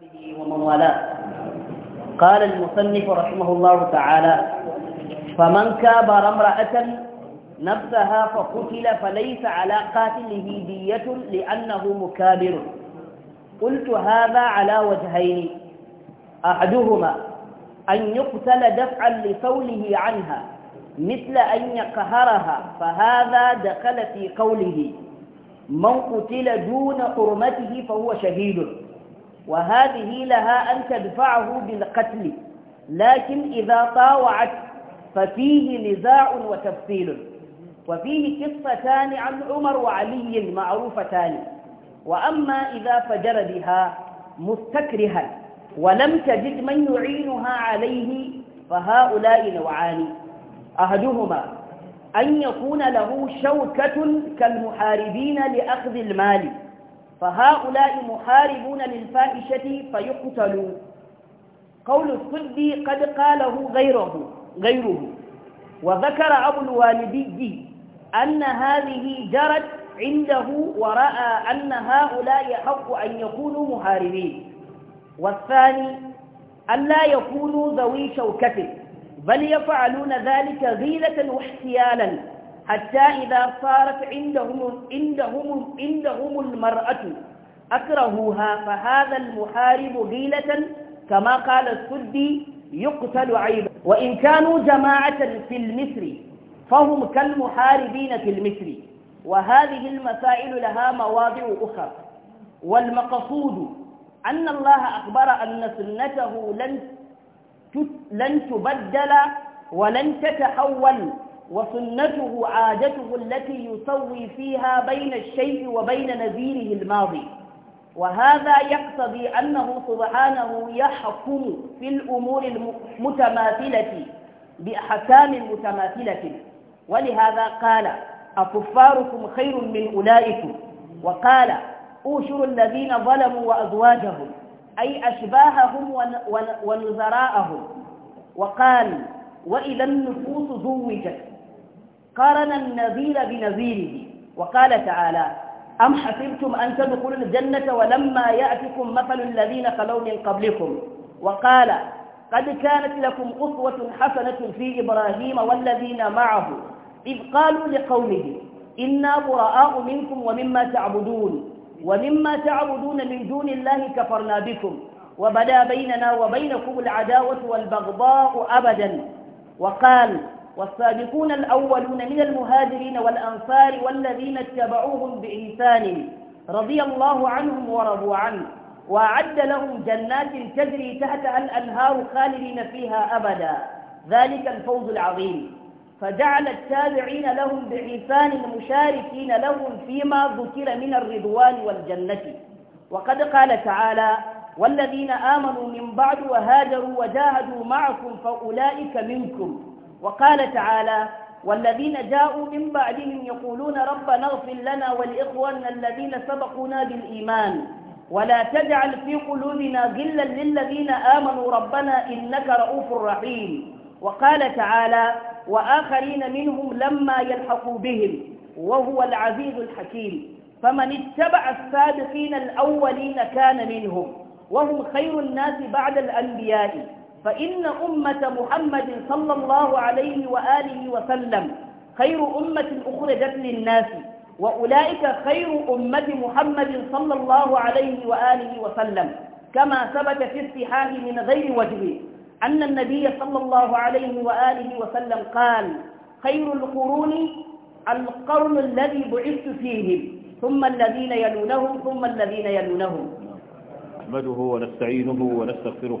وأصحابه ومن والاه قال المصنف رحمه الله تعالى فمن كابر امرأة نفسها فقتل فليس على قاتله دية لأنه مكابر قلت هذا على وجهين أحدهما أن يقتل دفعا لقوله عنها مثل أن يقهرها فهذا دخل في قوله من قتل دون حرمته فهو شهيد وهذه لها أن تدفعه بالقتل لكن إذا طاوعت ففيه نزاع وتفصيل وفيه قصتان عن عمر وعلي معروفتان وأما إذا فجر بها مستكرها ولم تجد من يعينها عليه فهؤلاء نوعان أحدهما أن يكون له شوكة كالمحاربين لأخذ المال فهؤلاء محاربون للفائشة فيقتلوا قول السدي قد قاله غيره غيره وذكر أبو الوالدي أن هذه جرت عنده ورأى أن هؤلاء يحق أن يكونوا محاربين والثاني أن لا يكونوا ذوي شوكة بل يفعلون ذلك غيلة واحتيالا حتى إذا صارت عندهم عندهم عندهم المرأة أكرهوها فهذا المحارب غيلة كما قال السدي يقتل عيبا وإن كانوا جماعة في المصر فهم كالمحاربين في المصر وهذه المسائل لها مواضع أخرى والمقصود أن الله أخبر أن سنته لن لن تبدل ولن تتحول وسنته عادته التي يسوي فيها بين الشيء وبين نذيره الماضي وهذا يقتضي أنه سبحانه يحكم في الأمور المتماثلة بأحكام متماثلة ولهذا قال أكفاركم خير من أولئكم وقال أوشروا الذين ظلموا وأزواجهم أي أشباههم ونزراءهم وقال وإذا النفوس زوجت قارن النذير بنذيره وقال تعالى أم حسبتم أن تدخلوا الجنة ولما يأتكم مثل الذين خلوا من قبلكم وقال قد كانت لكم أسوة حسنة في إبراهيم والذين معه إذ قالوا لقومه إنا براء منكم ومما تعبدون ومما تعبدون من دون الله كفرنا بكم وبدا بيننا وبينكم العداوة والبغضاء أبدا وقال والسابقون الأولون من المهاجرين والأنصار والذين اتبعوهم بإنسان رضي الله عنهم ورضوا عنه وأعد لهم جنات تجري تحتها الأنهار خالدين فيها أبدا ذلك الفوز العظيم فجعل التابعين لهم بإحسان المشاركين لهم فيما ذكر من الرضوان والجنة وقد قال تعالى والذين آمنوا من بعد وهاجروا وجاهدوا معكم فأولئك منكم وقال تعالى والذين جاءوا من بعدهم يقولون ربنا اغفر لنا ولإخواننا الذين سبقونا بالإيمان ولا تجعل في قلوبنا غلا للذين آمنوا ربنا إنك رؤوف رحيم وقال تعالى وآخرين منهم لما يلحقوا بهم وهو العزيز الحكيم فمن اتبع السابقين الأولين كان منهم وهم خير الناس بعد الأنبياء فإن أمة محمد صلى الله عليه وآله وسلم خير أمة أخرجت للناس وأولئك خير أمة محمد صلى الله عليه وآله وسلم كما ثبت في الصحاح من غير وجه أن النبي صلى الله عليه وآله وسلم قال خير القرون القرن الذي بعثت فيهم ثم الذين يلونهم ثم الذين يلونهم نحمده ونستعينه ونستغفره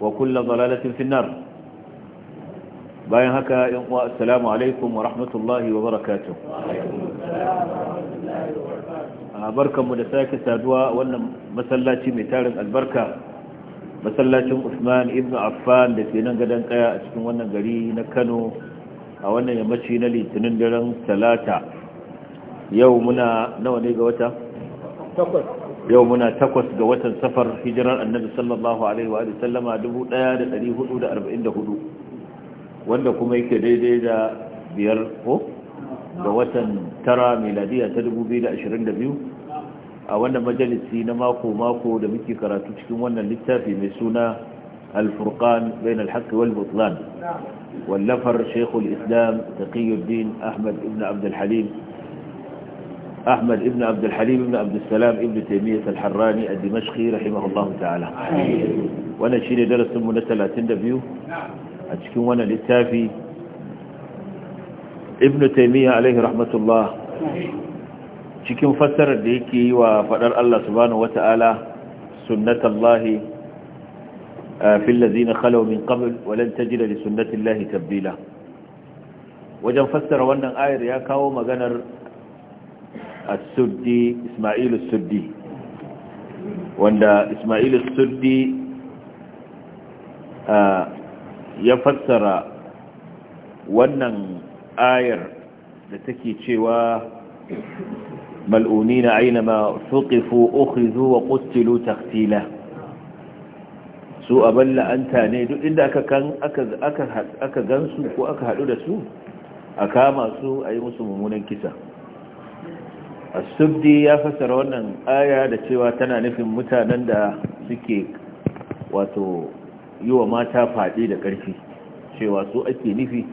wa kullum dalalatin finnar bayan haka yan uwa assalamu alaikum wa rahmatullahi wa barakatuh barkanmu da sake saduwa wannan masallaci mai tarin albarka masallacin Usman ibn Affan da ke nan gadon kaya a cikin wannan gari na Kano a wannan yammaci na litinin daren talata yau muna nawa ne ga wata? takwas yau muna takwas ga watan safar hijirar annabi sallallahu alaihi wa sallama 1444 wanda kuma yake daidai da biyar ko ga watan tara miladiya ta 2022 a wannan majalisi na mako-mako da muke karatu cikin wannan littafi mai suna alfurkan bayan alhaƙi wal butlan wallafar shekul islam taqiyyuddin ahmad ibn abdulhalim أحمد ابن عبد الحليم ابن عبد السلام ابن تيمية الحراني الدمشقي رحمه الله تعالى وانا شيني درس من 30 دبيو أتشكي وانا للتافي ابن تيمية عليه رحمة الله شكي مفسر ديكي وفقر الله سبحانه وتعالى سنة الله في الذين خلوا من قبل ولن تجد لسنة الله تبديلا wajen fassara wannan ayar ya kawo maganar as-suddi isma'il as wanda isma'il surdi suddi ya fassara wannan ayar da take cewa mal'unina ainama suqifu ukhizu wa qutilu taqtila su aballa anta ne duk inda aka kan aka gansu ko aka hadu da su a kama su a yi musu mummunan kisa asubdi ya fasara wannan aya da cewa tana nufin mutanen da suke wato yi wa mata fadi da ƙarfi cewa su ake nufi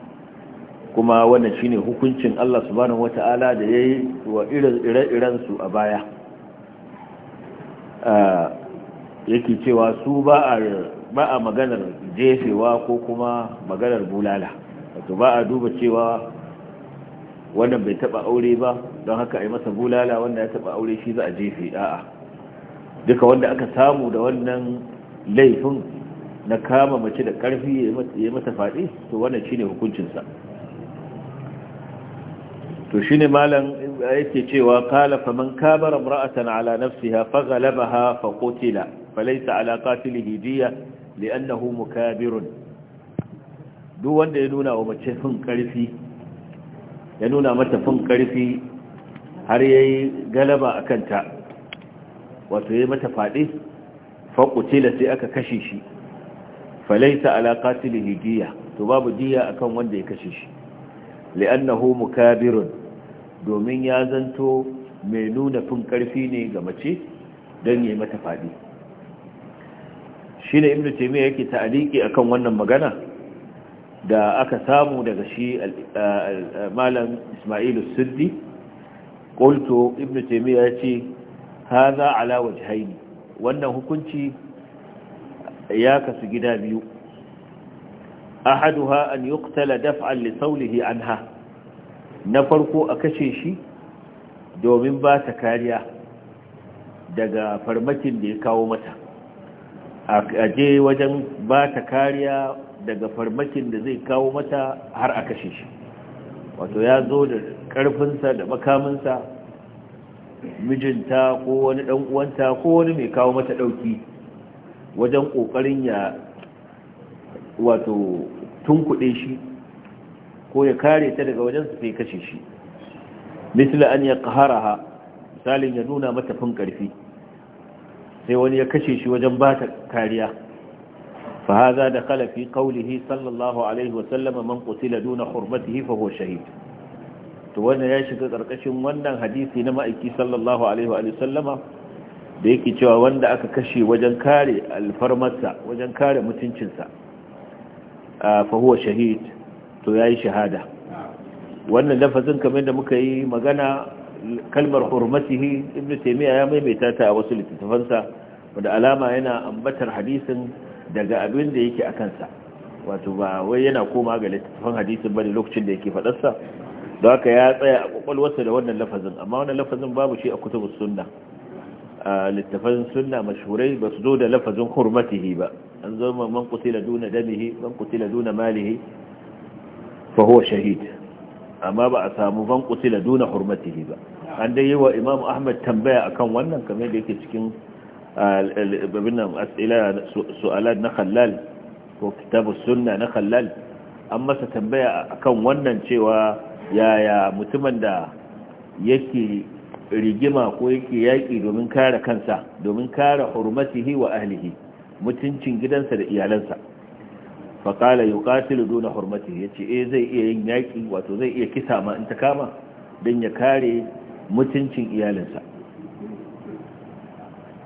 kuma wannan shine hukuncin Allah subhanahu wata'ala da yayi wa ire-iren su a baya yake cewa su ba ba a maganar jefewa ko kuma maganar bulala wato ba a duba cewa wannan bai taba aure ba don haka a yi masa bulala wanda ya taba aure shi za a jefe a'a duka wanda aka samu da wannan laifin na kama mace da karfi ya mata faɗi to wannan shine hukuncinsa to shine malam yake cewa qala man kabara imra'atan ala nafsiha faghalabaha faqutila falaysa ala qatilihi diya li'annahu mukabirun duk wanda ya nuna wa mace fin karfi ya nuna mata fin karfi har ya yi galaba a kanta wato yi mata faɗi? fadi faƙutila sai aka kashe shi falaita alaƙa qatilihi diya to babu diya akan wanda ya kashe shi li'annahu mukabirun domin ya zanto mai nuna fin karfi ne ga mace don ya yi mata fadi shine ibnu taymiya yake ta'aliki akan wannan magana da aka samu daga shi malam ismailu siddi Kulto ibn taimiyya ya ce haza ala haini, wannan hukunci ya kasu gida biyu ahaduha an yuqtala daf'an li saulihi anha na farko a kashe shi domin ba ta kariya daga farmakin da ya kawo mata a je wajen ba ta kariya daga farmakin da zai kawo mata har a kashe shi wato ya zo da ƙarfinsa da makaminsa mijinta ko wani ɗan'uwanta uwanta ko wani mai kawo mata ɗauki wajen ƙoƙarin ya wato tunkuɗe shi ko ya kare ta daga wajen su sai kashe shi misali an ya ha misalin ya nuna mata fin ƙarfi sai wani ya kashe shi wajen ba ta kariya فهذا da في قوله صلى الله عليه وسلم من قتل دون حرمته فهو to wannan ya shiga karkashin wannan hadisi na ma'aiki sallallahu alaihi wa sallama da yake cewa wanda aka kashe wajen kare alfarmarsa wajen kare mutuncinsa a fahuwa shahid to ya yi shahada wannan lafazin kamar da muka yi magana kalmar hurmatihi ibn taimiyya ya maimaita ta a wasu littattafansa wadda alama yana ambatar hadisin daga abin da yake a kansa wato ba wai yana koma ga littattafan hadisin bane lokacin da yake faɗarsa da haka ya tsaya a kwakwalwarsa da wannan lafazin amma wannan lafazin babu shi a kutubu sunna a littafan sunna mashhurai ba su zo da lafazin hurmatihi ba an zo ma man qutila duna damihi man duna malihi fa huwa shahid amma ba a samu man qutila duna hurmatihi ba an dai yi wa imam ahmad tambaya akan wannan kamar da yake cikin babin nan as'ila su'alat na khallal ko kitabu sunna na khallal an masa tambaya akan wannan cewa yaya mutumin da yake rigima ko yake yaƙi domin kare kansa domin kare hurmatihi wa ahlihi mutuncin gidansa da iyalansa faƙala yi ƙatilu duna hurmatihi ya ce zai iya yin yaƙi wato zai iya kisa ma in ta kama don ya kare mutuncin iyalinsa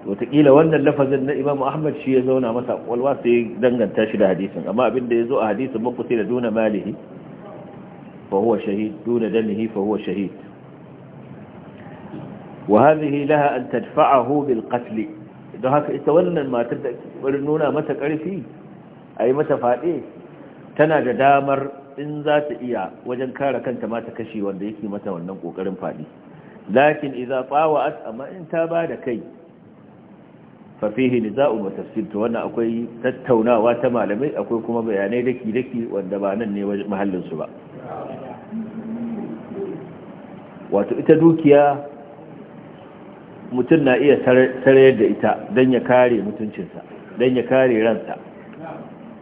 wataƙila wannan lafazin na imamu ahmad shi ya zauna masa walwa sai danganta shi da hadisin amma abinda ya zo a hadisin ba sai da duna malihi fa shahid duna damihi fa shahid wa laha an tadfa'ahu bil don haka ita wannan matar da bari nuna mata a yi mata fade tana da damar in za ta iya wajen kare kanta mata kashi wanda yake mata wannan kokarin faɗi lakin idza tawa'at amma in ta ba da kai fafihi niza'u wa tafsir to wannan akwai tattaunawa ta malamai akwai kuma bayanai daki daki wanda ba nan ne mahallin su ba wato ita dukiya mutum na iya tare da ita don ya kare mutuncinsa don ya kare ransa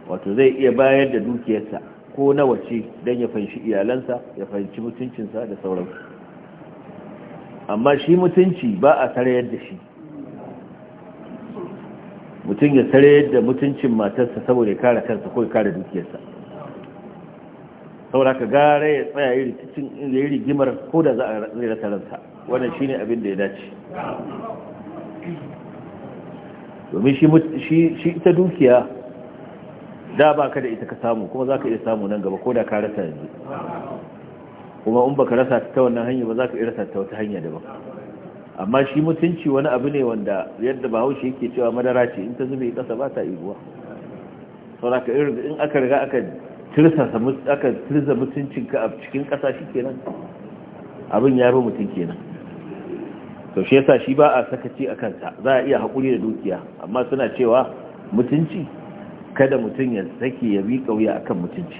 wato zai iya bayar da dukiyarsa ko na wace don ya fanshi iyalansa ya fahimci mutuncinsa da sauransu amma shi mutunci ba a tare da shi mutum ya tsare da mutuncin matarsa saboda ya kare kansa ko ya kare dukiyarsa saboda ka gara ya tsaya yi rikicin inda ya rigimar ko da za a rasa ransa wannan shine abin da ya dace domin shi ita dukiya da ba ka da ita ka samu kuma za ka iya samu nan gaba ko da ka rasa yanzu kuma in ba ka rasa ta wannan hanyar ba za ka iya rasa ta wata hanya daban amma shi mutunci wani abu ne wanda yadda bahaushe yake cewa madara ce in ta zube kasa ba ta iguwa sauraka in aka riga aka tirza mutuncinka a cikin kasa shi kenan abin ya bi mutum kenan to shi yasa shi ba a sakaci a kansa za a iya haƙuri da dukiya amma suna cewa mutunci kada mutum ya sake ya bi ƙauye akan mutunci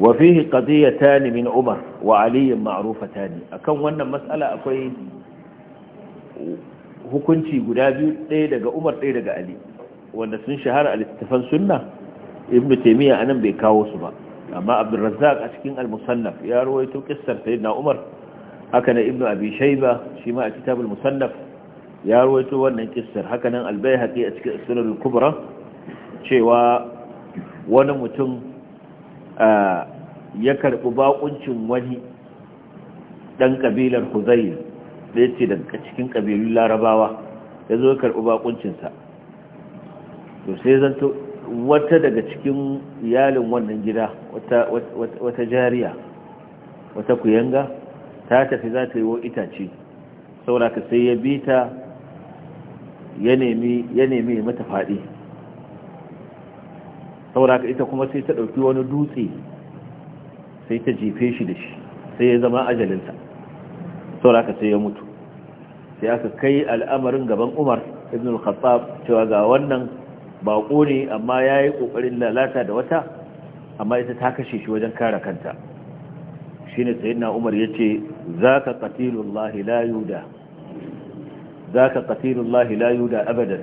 wa ta nemi na umar wa ali ma'rufatan akan wannan mas'ala akwai hukunci guda biyu ɗaya daga umar ɗaya daga ali wanda sun shahara a littattafan sunna ibnu taymiya anan bai kawo su ba amma abdurrazzaq a cikin al-musannaf ya rawaito kissar sayyidina umar haka na ibnu abi shayba shi ma a kitabul musannaf ya rawaito wannan kissar haka nan al-baihaqi a cikin sunan al-kubra cewa wani mutum ya karɓi bakuncin wani ɗan ƙabilar huzayil da ya ce daga cikin ƙabilun larabawa ya zo karɓi bakuncinsa to sai zanto wata daga cikin iyalin wannan gida wata jariya wata kuyanga ta tafi za ta yi wa itace saboda ka sai ya bi ta ya nemi mata faɗi saboda ita kuma sai ta ɗauki wani dutse sai ta jefe shi da shi sai ya zama ajalinta saboda sai ya mutu sai aka kai al'amarin gaban umar ibn al-khattab cewa ga wannan bako ne amma ya yi ƙoƙarin lalata da wata amma ita ta kashe shi wajen kare kanta shi ne sayidina umar ya ce za ka ƙatilullahi layuda za ka abadan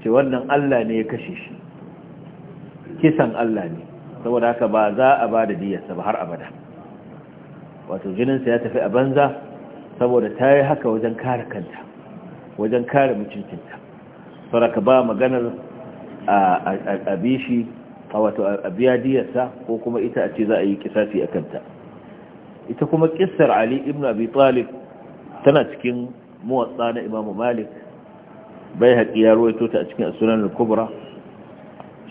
ce wannan allah ne ya kashe shi kisan Allah ne saboda haka ba za a ba da diyarsa ba har abada wato jininsa ya tafi a banza saboda ta yi haka wajen kare kanta wajen kare mutuncinta saboda ba maganar a bishi a wato a biya diyarsa ko kuma ita a ce za a yi kisasi a kanta ita kuma kisar ali ibn abi talib tana cikin muwatsa na imamu malik bai haƙi ya ruwaito ta a cikin sunan al-kubra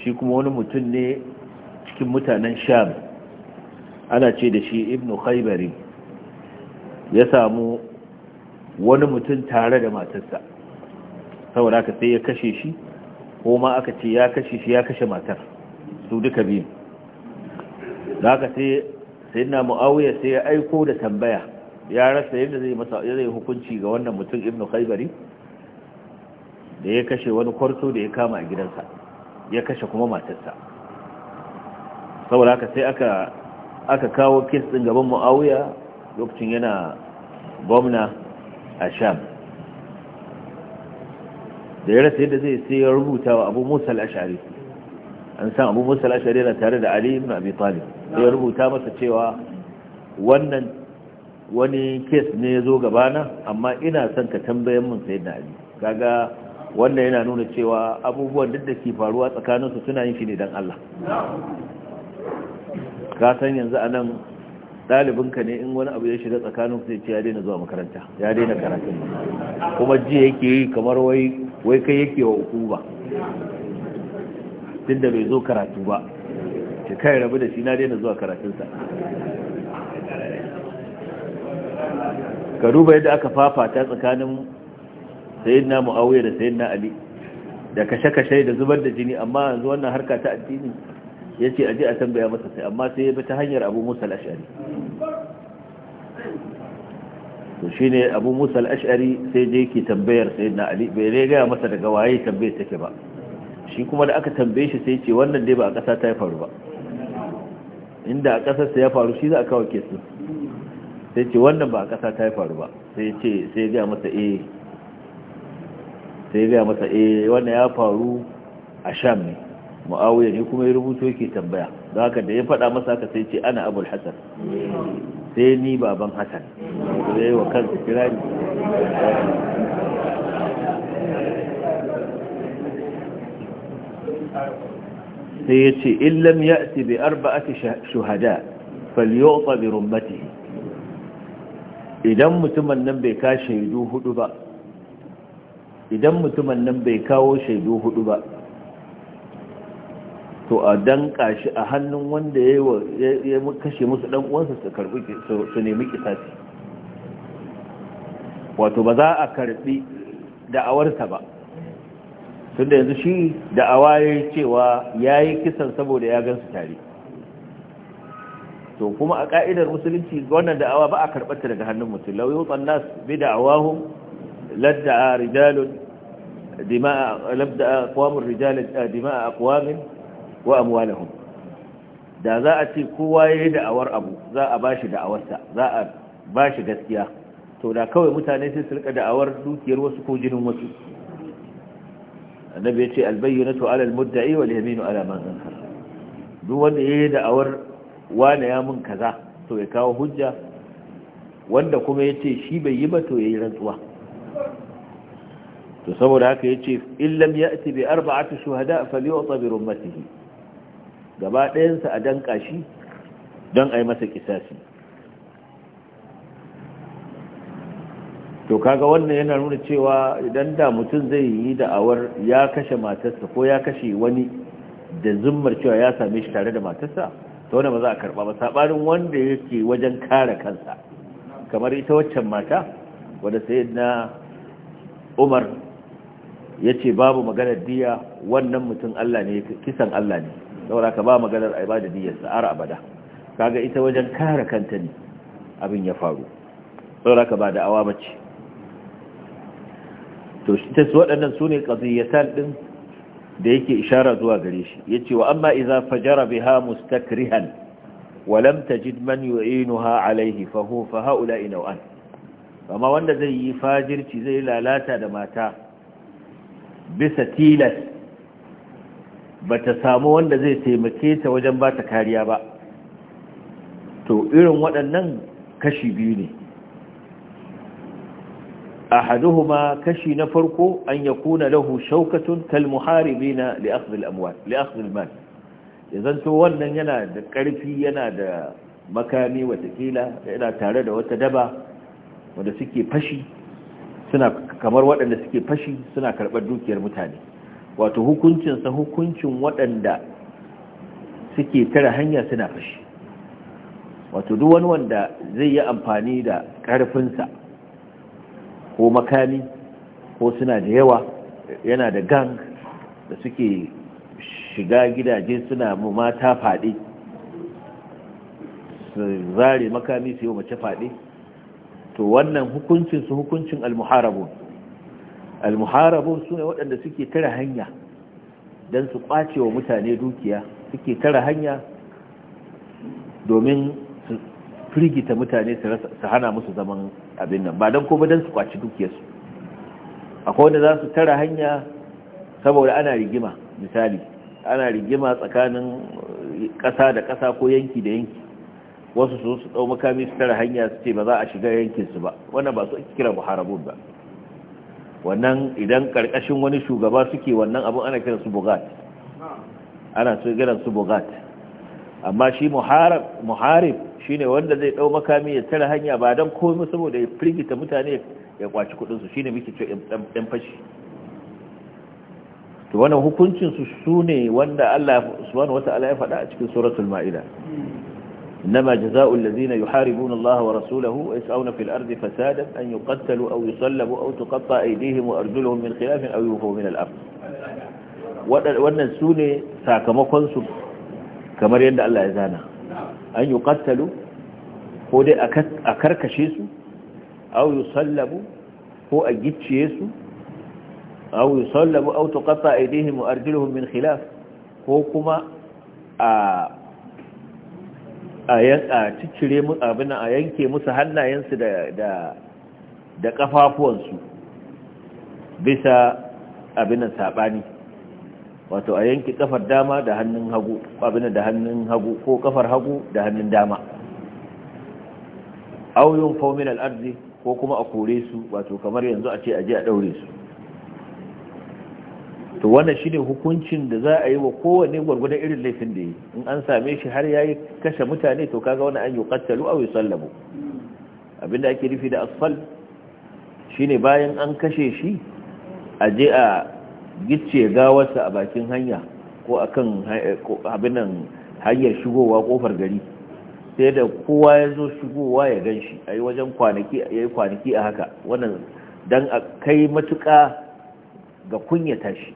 shi kuma wani mutum ne cikin mutanen sham ana ce da shi Ibn khaibari ya samu wani mutum tare da matarsa saboda ka sai ya kashe shi ko ma aka ce ya kashe shi ya kashe matar su duka biyu da aka sai sai na mu'awiyar sai ya aiko da tambaya ya rasa yadda zai masa zai hukunci ga wannan mutum Ibn khaibari da ya kashe wani kwarto da ya kama a gidansa ya kashe kuma matarsa saboda haka sai aka aka kawo kes din gaban muawiya lokacin yana gwamna a sham da ya rasa yadda zai sai ya rubuta wa abu musa al-ashari an san abu musa al-ashari yana tare da ali ibn abi talib sai ya rubuta masa cewa wannan wani kes ne ya zo gabana amma ina son ka tambayen mun da ali kaga wannan yana nuna cewa abubuwan duk da ke faruwa tsakaninsu suna yin shi ne don Allah ka san yanzu a nan ɗalibinka ne in wani abu ya shiga tsakanin sai ce ya daina zuwa makaranta ya daina karatun kuma ji yake yi kamar wai kai yake wa uku ba tun da bai zo karatu ba ce kai rabu da shi na daina zuwa karatunsa ka duba yadda aka fafata tsakanin sayyidina muawiya da sayyidina ali da kashe-kashe da zubar da jini amma yanzu wannan harka ta addini ya ce aje a tambaya masa sai amma sai ya bi ta hanyar abu musa ashari to shi ne abu musa ashari sai je ke tambayar sayyidina na ali bai ne gaya masa daga waye tambayar take ba shi kuma da aka tambaye shi sai ce wannan dai ba a ƙasa ta ya faru ba inda a ƙasarsa ya faru shi za a kawo kesu sai ce wannan ba a ƙasa ta ya faru ba sai ce sai ya gaya masa eh sai ya gaya masa eh wannan ya faru a sham ne mu'awiyar ne kuma ya rubuto yake tambaya don haka da ya faɗa masa haka sai ce ana abul hasan sai ni baban hasan da ya yi wa kira ne sai ya ce illam ya ce bai arba'ati shuhada falyota bai rumbatihi idan mutumin nan bai kashe hudu ba idan mutumin nan bai kawo shaidu hudu ba to a danka shi a hannun wanda ya kashe musu dan uwansa su karbi su nemi kisasi wato ba za a karbi da'awarsa ba tunda yanzu shi da'awa ya cewa ya yi kisan saboda ya gansu tare to kuma a ka'idar musulunci wannan da'awa ba a karɓarta daga hannun mutum lau yi bi لدع رجال دماء لبدا اقوام الرجال دماء اقوام واموالهم da za a ce kowa ya yi da'awar abu za a ba shi da'awarsa za a ba shi gaskiya to da kawai mutane sai su rika da'awar dukiyar wasu ko jinin wasu annabi ya ce albayyanatu ala almudda'i wal yaminu ala man zankar. duk wanda ya yi da'awar wani ya mun kaza to ya kawo hujja wanda kuma ya ce shi bai yi ba to ya yi rantsuwa to saboda haka yace illam ya'ti bi arba'ati shuhada falyu'ta bi rummatihi gaba ɗayan sa a danka shi don ai masa kisasi to kaga wannan yana nuna cewa idan da mutum zai yi da'awar ya kashe matarsa ko ya kashe wani da zummar cewa ya same shi tare da matarsa ta wannan ba za a karba ba saɓarin wanda yake wajen kare kansa kamar ita waccan mata wanda sai na umar ya ce babu maganar diya wannan mutum Allah ne kisan Allah ne saboda ka ba maganar a da diyarsa abada kaga ita wajen kare kanta ne abin ya faru saboda ka ba da awa bace to ta su waɗannan su ne qadiyatan ɗin da yake ishara zuwa gare shi yace wa amma iza fajara biha mustakrihan wa lam tajid man yu'inuha alayhi fa huwa fa haula'i naw'an amma wanda zai yi fajirci zai lalata da mata bisa tilas ba ta samu wanda zai taimake ta wajen ba ta kariya ba to irin waɗannan kashi biyu ne a haduhu ma kashi na farko an ya kuna lahu shaukatun kalmuharibi na li'akhdil man ya zanto wannan yana da ƙarfi yana da makami watakila yana tare da wata daba wanda suke fashi suna kamar waɗanda suke fashi suna karɓar dukiyar mutane wato hukuncinsa hukuncin waɗanda suke tara hanya suna fashi wato duk wani wanda zai yi amfani da ƙarfinsa ko makami ko suna da yawa yana da gang da suke shiga gidaje suna mata faɗi su zare makami su yi mace faɗi to wannan hukuncin su hukuncin almuharabun muharabun su ne waɗanda suke tara hanya don su ƙwace wa mutane dukiya suke tara hanya domin su firgita mutane su hana musu zaman abin nan ba don kuma don su ƙwace dukiyarsu akwai wanda za su tara hanya saboda ana rigima misali ana rigima tsakanin ƙasa da ƙasa ko yanki da yanki wasu su su dau makami su tara hanya su ce ba za a shiga yankin su ba wannan ba su ake kira muharabun ba wannan idan karkashin wani shugaba suke wannan abun ana kiran su bugat ana su kiran su bugat amma shi muharib muharib shine wanda zai dau makami ya tara hanya ba dan komai saboda ya firgita mutane ya kwaci kudin su shine muke ce dan fashi to wannan hukuncin su sune wanda Allah subhanahu wataala ya faɗa a cikin suratul maida إنما جزاء الذين يحاربون الله ورسوله ويسعون في الأرض فسادا أن يقتلوا أو يصلبوا أو تقطع أيديهم وأرجلهم من خلاف أو يوفوا من الأرض wannan su sakamakonsu kamar yadda Allah ya zana an yi kattalu ko dai a karkashe su au ko a gicciye su au yi sallabu au tuƙatta min ko kuma a a ciccire abin a yanke musu hannayensu da kafafuwansu bisa abin saɓani wato a yanke kafar dama da hannun hagu abin da hannun hagu ko kafar hagu da hannun dama auyin fominal al'arzi ko kuma a kore su wato kamar yanzu a ce a je a ɗaure su to wannan shine hukuncin da za a yi wa kowane gwargwadon irin laifin da yi in an same shi har yayi kashe mutane to kaga wannan an yuqattalu aw yusallabu abinda ake rufi da asfal shine bayan an kashe shi a je a gicce gawarsa a bakin hanya ko akan eh, abin nan hanyar shigowa kofar gari sai da kowa ya zo shigowa ya gan shi a yi wajen kwanaki a haka wannan don a kai matuƙa ga kunyata shi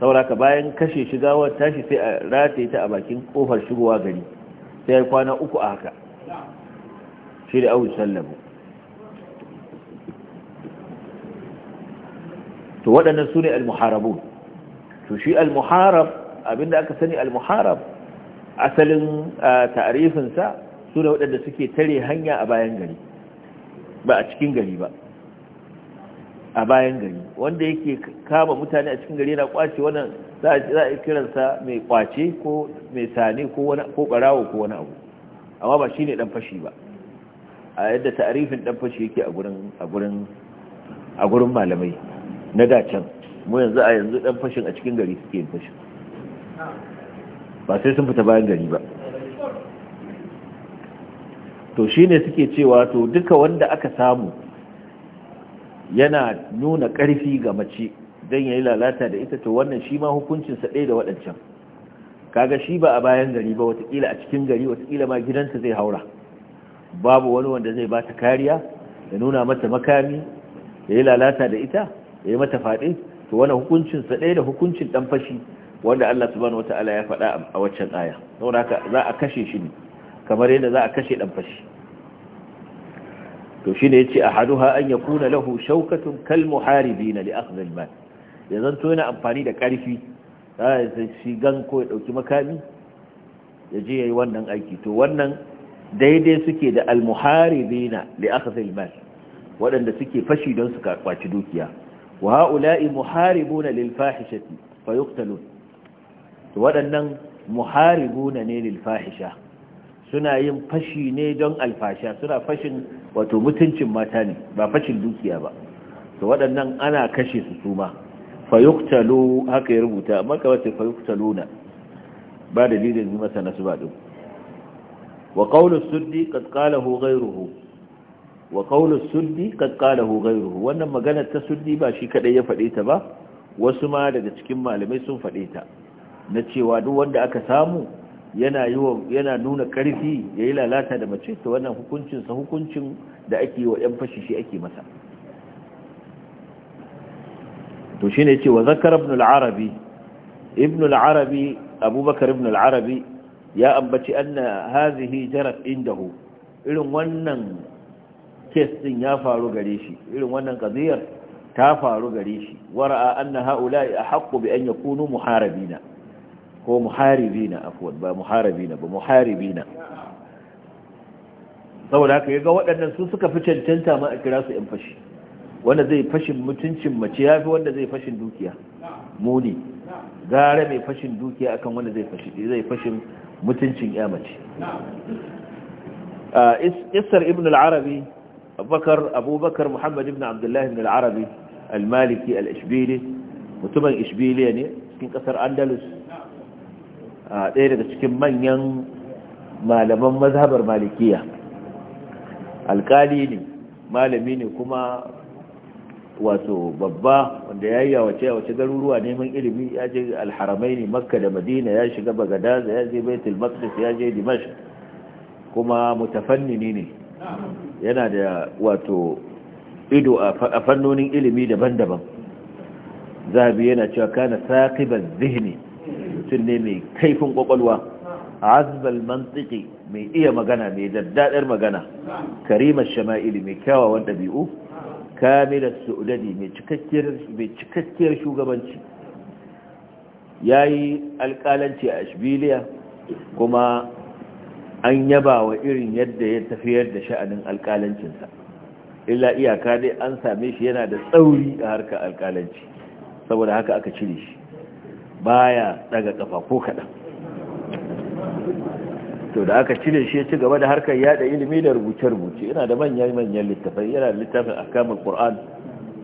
saboda ka bayan kashe wa tashi sai a rataye ta a bakin kofar shigowa gari sai ya kwana uku a haka shi da abu sallabu to waɗannan su ne almuharabu to shi almuharab abinda aka sani almuharab asalin ta'arifinsa su ne waɗanda suke tare hanya a bayan gari ba a cikin gari ba a bayan gari wanda yake kama mutane a cikin gari yana kwace wannan za a kiransa mai kwace ko mai sane ko wani ko barawo ko wani abu amma ba shine dan fashi ba a yadda ta'arifin dan fashi yake a gurin a gurin a gurin malamai na dacan mu yanzu a yanzu dan fashin a cikin gari suke yin fashin ba sai sun fita bayan gari ba to shine suke cewa to duka wanda aka samu yana nuna ƙarfi ga mace don ya yi lalata da ita to wannan shi ma hukuncinsa ɗaya da waɗancan kaga shi ba a bayan gari ba watakila a cikin gari watakila ma gidanta zai haura babu wani wanda zai ba ta kariya ya nuna mata makami ya yi lalata da ita ya yi mata faɗi to wani hukuncinsa ɗaya da hukuncin ɗan fashi wanda Allah subhanahu wata'ala ya faɗa a waccan aya za a kashe shi ne kamar yadda za a kashe ɗan fashi to shine yace ahaduha an yakuna lahu shaukatun kal muharibin li akhdh al mal ya zanto yana amfani da karfi shi gan ko ya dauki makami ya yayi wannan aiki to wannan daidai suke da al muharibin li akhdh al mal wadanda suke fashi don su kwaci dukiya wa haula'i muharibuna lil fahishati fayuqtalun to wadannan muharibuna ne lil fahisha suna yin fashi ne don alfasha suna fashin wato mutuncin mata ne ba fashin dukiya ba to waɗannan ana kashe su suma fayuktalu haka ya rubuta amma ka wace na. ba dalilin yi masa nasu ba ɗin wa ƙaunar suddi kad gairuhu wa ƙaunar suddi kad gairuhu wannan maganar ta suddi ba shi kaɗai ya faɗe ta ba wasu ma daga cikin malamai sun faɗe ta na cewa duk wanda aka samu yana yi wa yana nuna karfi ya yi lalata da mace ta wannan hukuncin hukuncin da ake yi wa yan fashi shi ake masa to shine yace wa zakar ibn al-arabi ibn al abubakar ibn al ya ambaci anna hadhihi jarat indahu irin wannan kes din ya faru gare shi irin wannan kaziyar ta faru gare shi wara'a anna haula'i ahqqu bi an yakunu muharibina ko Muharibi na afwan ba Muharibi na ba Muharibi na saboda haka yaga waɗannan su suka fi cancanta ma a kira su yan fashi wanda zai fashin mutuncin mace ya fi wanda zai fashin dukiya muni gara mai fashin dukiya akan wanda zai fashi zai fashin mutuncin ya mace ah, isar ibn al-arabi abubakar abubakar muhammad ibn abdullahi ibn al-arabi al-maliki al-ishbili mutumin ishbiliya ne cikin kasar andalus ɗaya daga cikin manyan malaman mazhabar malikiya alkali ne malami ne kuma wato babba wanda ya yi yawace yawace garuruwa neman ilimi ya je alharamai ne makka da madina ya shiga bagadaza ya je baitul maqdis ya je dimash kuma mutafannini ne yana da wato ido a fannonin ilimi daban-daban zahabi yana cewa kana saqiban zihni mutum ne mai kaifin kwakwalwa azbal mantiki mai iya magana mai daddadar magana karimar shama'ili mai kyawawan ɗabi'u kamilar su'udadi mai cikakkiyar shugabanci ya yi alƙalanci a ashbiliya kuma an yaba wa irin yadda ya tafiyar da sha'anin alƙalancinsa illa iyaka dai an same shi yana da tsauri a harkar alƙalanci saboda haka aka cire shi baya daga kafa ko kaɗan to da aka cire shi ya ci gaba da harkar yada ilimi da rubuce-rubuce yana da manyan-manyan littafai yana da littafin akamul qur'an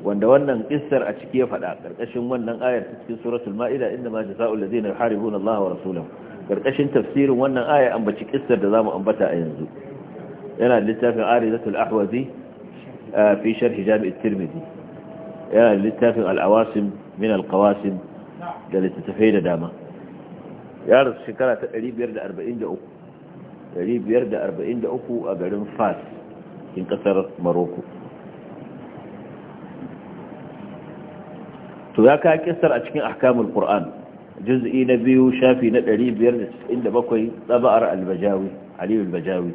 wanda wannan kissar a ciki ya faɗa karkashin wannan ayar ta cikin suratul ma'ida inna ma jazaa'ul ladzina yuharibuna Allah wa rasulahu karkashin tafsirin wannan aya ambaci kissar da zamu ambata a yanzu yana da littafin arizatul ahwazi eh, fi sharh jami' at-tirmidhi yana da littafin al-awasim min al-qawasim da littattafai da dama ya rasu shekara ta 543 543 a garin fas in kasar maroko to ya kawo kisar a cikin ahkamul qur'an juz'i na biyu shafi na 597 tsaba'ar albajawi aliyu albajawi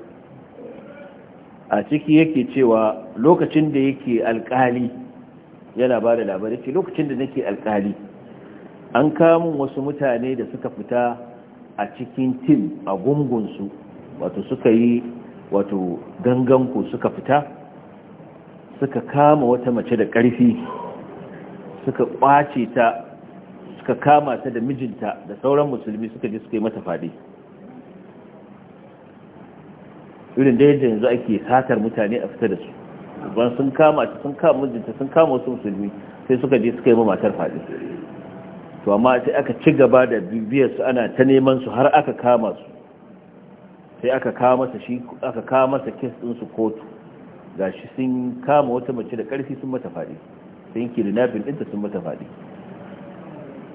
a ciki yake cewa lokacin da yake alkali yana ba da labarai ce lokacin da nake alkali an kama wasu mutane da suka fita a cikin tim a gungunsu wato suka yi wato ganganku suka fita suka kama wata mace da ƙarfi suka ƙwace ta suka kama ta da mijinta da sauran musulmi suka ji suka yi mata faɗi irin da yadda yanzu ake satar mutane a fita da su ban sun kama sun kama mijinta sun kama wasu musulmi sai suka je suka yi ma matar faɗi to amma sai aka ci gaba da bibiyar su ana ta neman su har aka kama su sai aka kama masa shi aka kama masa kes din su kotu gashi sun kama wata mace da ƙarfi sun mata fadi sun kidnapping ɗinta sun mata fadi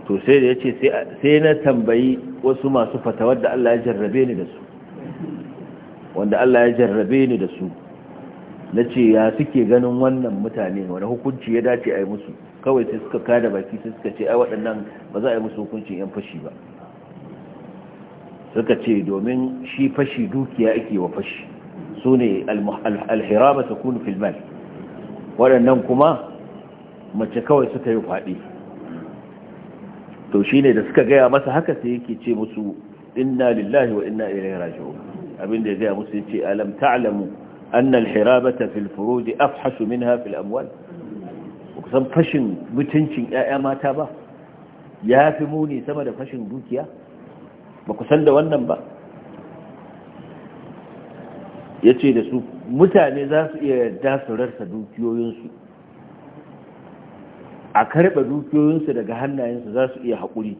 to sai da yace sai na tambayi wasu masu fatawar da Allah ya jarrabe ni da su wanda Allah ya jarrabe ni da su nace ya suke ganin wannan mutane wani hukunci ya dace a yi musu kawai sai suka kada baki sai suka ce ai waɗannan ba za a yi musu hukuncin yan fashi ba suka ce domin shi fashi dukiya ake wa fashi su ne alhirama ta kunu filmal waɗannan kuma mace kawai suka yi faɗi to shi ne da suka gaya masa haka sai yake ce musu inna lillahi wa inna ilaihi raji'un abinda ya gaya musu yace alam ta'lamu anna alhirabata fil furudi afhashu minha hafi amwal kusan fashin mutuncin 'ya'ya mata ba ya fi muni sama da fashin dukiya ba kusan da wannan ba ya ce da su mutane za su iya yarda su rarsa dukiyoyinsu a karɓa dukiyoyinsu daga hannayensu za su iya haƙuri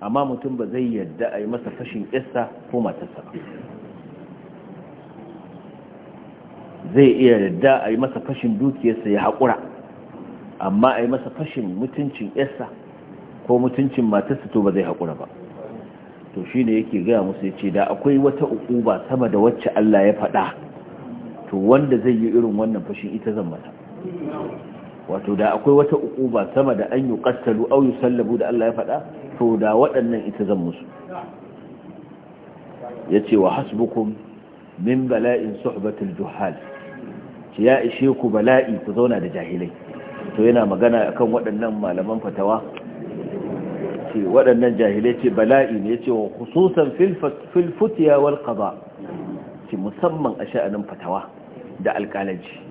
amma mutum ba zai yarda a yi masa fashin ƙista ko matarsa ba zai iya yarda a yi masa fashin dukiyarsa ya haƙura amma a yi masa fashin mutuncin yarsa ko mutuncin matarsa to ba zai haƙura ba to shi ne yake gaya musu ya ce da akwai wata uquba sama da wacce Allah ya faɗa to wanda zai yi irin wannan fashin ita zan mata wato da akwai wata uƙuba sama da an yi au yi sallabu da Allah ya faɗa to da waɗannan ita zan musu Ya ce wa hasbukum min bala'in suhbatil juhal ya ishe ku bala'i ku zauna da jahilai to yana magana akan waɗannan malaman fatawa ce waɗannan jahilai ce bala'i ne ce wa khususan fil futiya wal qada ce musamman a sha'anin fatawa da alƙalaji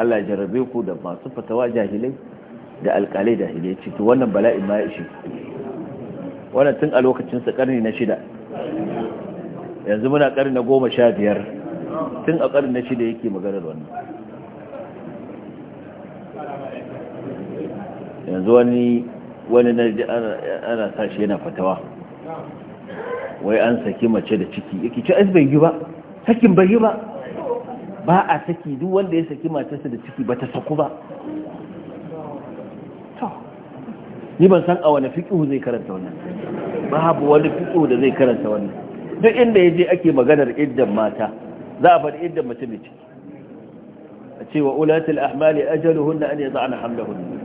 Allah ya jarabe ku da masu fatawa jahilai da alƙalai jahilai ce to wannan bala'in ma ya ishe wannan tun a lokacin sa karni na shida yanzu muna karni na goma sha biyar tun a karni na shida yake maganar wannan yanzu wani wani na ji ana sa shi yana fatawa wai an saki mace da ciki yake ci bai yi ba sakin bai yi ba ba a saki duk wanda ya saki matarsa da ciki ba ta saku ba ni ban san a wani fiƙihu zai karanta wannan babu wani fiƙihu da zai karanta wannan duk inda ya je ake maganar iddan mata za a faɗi iddan mace mai ciki a cewa ulatul ahmali ajaluhunna an yaz'ana hamlahunna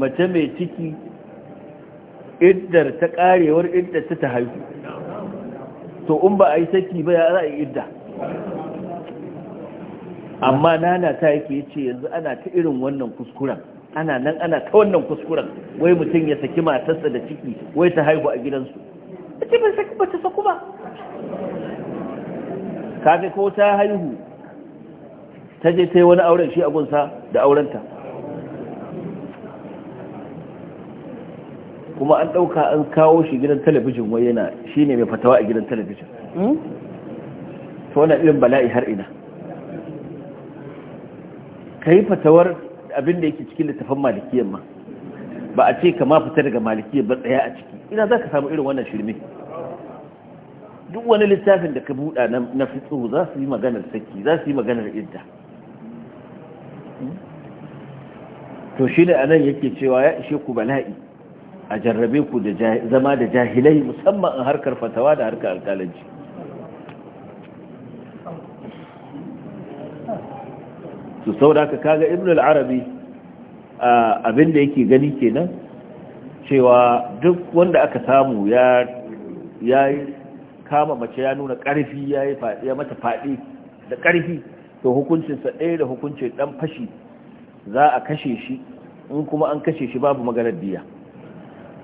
mace mai ciki iddar ta karewar iddar ta ta haihu to in ba a yi saki ba ya za a yi idda amma nana ta yake ce yanzu ana ta irin wannan kuskuren ana nan ana ta wannan kuskuren wai mutum ya saki matarsa da ciki wai ta haihu a gidansu ce ban saki ba ta saku ba kaga ko ta haihu ta je ta yi wani auren shi a gunsa da aurenta kuma an ɗauka an kawo shi gidan talabijin wai yana shi ne mai fatawa a gidan talabijin hmm? To wani irin bala'i har ina ka yi fatawar abin da yake cikin littafin malikiyan ma ba a ce ma fita daga malikiyan ba tsaya a ciki ina za ka samu irin wannan shirme duk wani littafin da ka buɗa na fito za su yi maganar saki za su yi maganar idda hmm? to shi ne a nan yake cewa ya ishe ku bala'i a jarrabe ku da zama da jahilai musamman a harkar fatawa da harkar alkalanci su sauraka kaga ibn al-arabi abinda yake gani kenan cewa duk wanda aka samu ya yi kama mace ya nuna karfi ya yi mata fadi da karfi to hukuncinsa ɗaya da hukuncin ɗan fashi za a kashe shi in kuma an kashe shi babu maganar diya